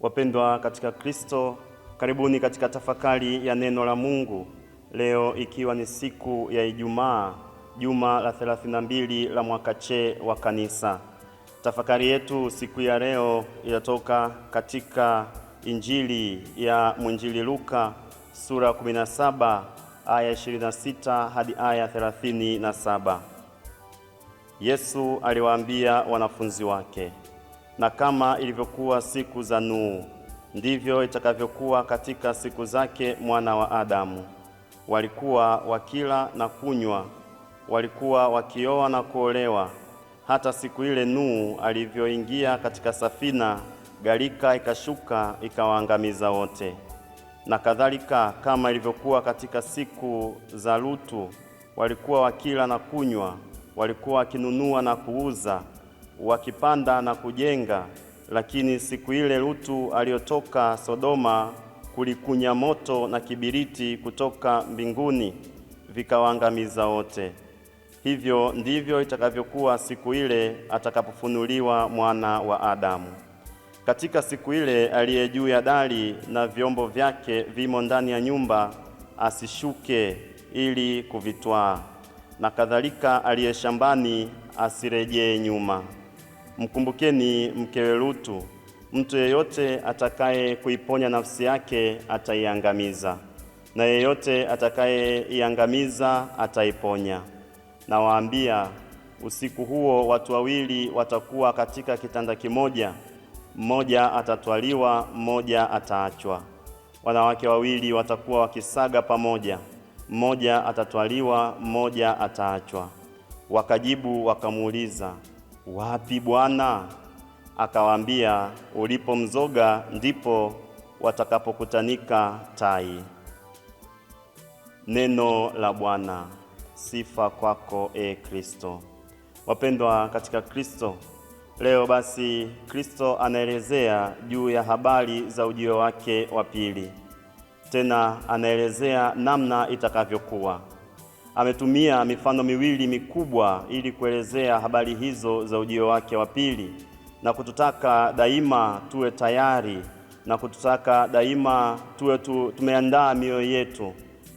Wapendwa katika Kristo, karibuni katika tafakari ya neno la Mungu leo, ikiwa ni siku ya Ijumaa, juma la 32 la mwaka C wa Kanisa. Tafakari yetu siku ya leo inatoka katika Injili ya mwinjili Luka sura 17 aya 26 hadi aya 37. Yesu aliwaambia wanafunzi wake na kama ilivyokuwa siku za Nuhu, ndivyo itakavyokuwa katika siku zake mwana wa Adamu. Walikuwa wakila na kunywa, walikuwa wakioa na kuolewa, hata siku ile Nuhu alivyoingia katika safina, gharika ikashuka ikawaangamiza wote. Na kadhalika kama ilivyokuwa katika siku za Lutu, walikuwa wakila na kunywa, walikuwa wakinunua na kuuza wakipanda na kujenga, lakini siku ile Lutu aliyotoka Sodoma kulikunya moto na kibiriti kutoka mbinguni vikawaangamiza wote. Hivyo ndivyo itakavyokuwa siku ile atakapofunuliwa mwana wa Adamu. Katika siku ile aliye juu ya dari na vyombo vyake vimo ndani ya nyumba asishuke ili kuvitwaa, na kadhalika aliye shambani asirejee nyuma. Mkumbukeni mkewe Lutu. Mtu yeyote atakaye kuiponya nafsi yake ataiangamiza, na yeyote atakayeiangamiza ataiponya. Nawaambia, usiku huo watu wawili watakuwa katika kitanda kimoja, mmoja atatwaliwa, mmoja ataachwa. Wanawake wawili watakuwa wakisaga pamoja, mmoja atatwaliwa, mmoja ataachwa. Wakajibu wakamuuliza wapi Bwana? Akawaambia, ulipo mzoga ndipo watakapokutanika tai. Neno la Bwana. Sifa kwako e Kristo. Wapendwa katika Kristo, leo basi Kristo anaelezea juu ya habari za ujio wake wa pili, tena anaelezea namna itakavyokuwa ametumia mifano miwili mikubwa ili kuelezea habari hizo za ujio wake wa pili na kututaka daima tuwe tayari na kututaka daima tuwe tu, tumeandaa mioyo yetu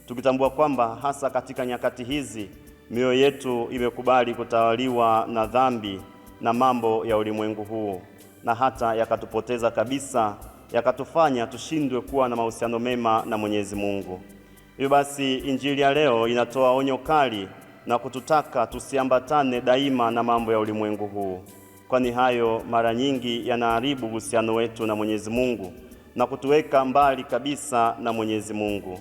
tukitambua kwamba hasa katika nyakati hizi mioyo yetu imekubali kutawaliwa na dhambi na mambo ya ulimwengu huu, na hata yakatupoteza kabisa, yakatufanya tushindwe kuwa na mahusiano mema na Mwenyezi Mungu. Hivyo basi injili ya leo inatoa onyo kali na kututaka tusiambatane daima na mambo ya ulimwengu huu, kwani hayo mara nyingi yanaharibu uhusiano wetu na Mwenyezi Mungu na kutuweka mbali kabisa na Mwenyezi Mungu.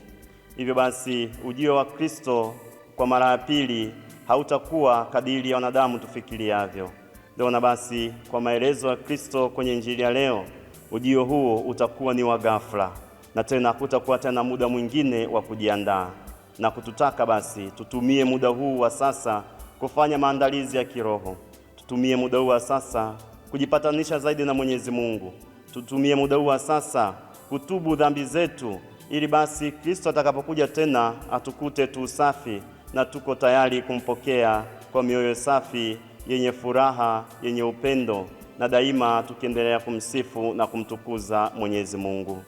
Hivyo basi ujio wa Kristo kwa mara ya pili hautakuwa kadiri ya wanadamu tufikiriavyo. Ndio na basi, kwa maelezo ya Kristo kwenye injili ya leo, ujio huo utakuwa ni wa ghafla na tena hakutakuwa tena muda mwingine wa kujiandaa, na kututaka basi tutumie muda huu wa sasa kufanya maandalizi ya kiroho. Tutumie muda huu wa sasa kujipatanisha zaidi na Mwenyezi Mungu. Tutumie muda huu wa sasa kutubu dhambi zetu, ili basi Kristo atakapokuja tena atukute tu safi na tuko tayari kumpokea kwa mioyo safi yenye furaha, yenye upendo, na daima tukiendelea kumsifu na kumtukuza Mwenyezi Mungu.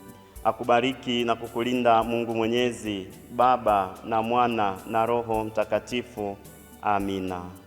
Akubariki na kukulinda Mungu Mwenyezi, Baba na Mwana na Roho Mtakatifu. Amina.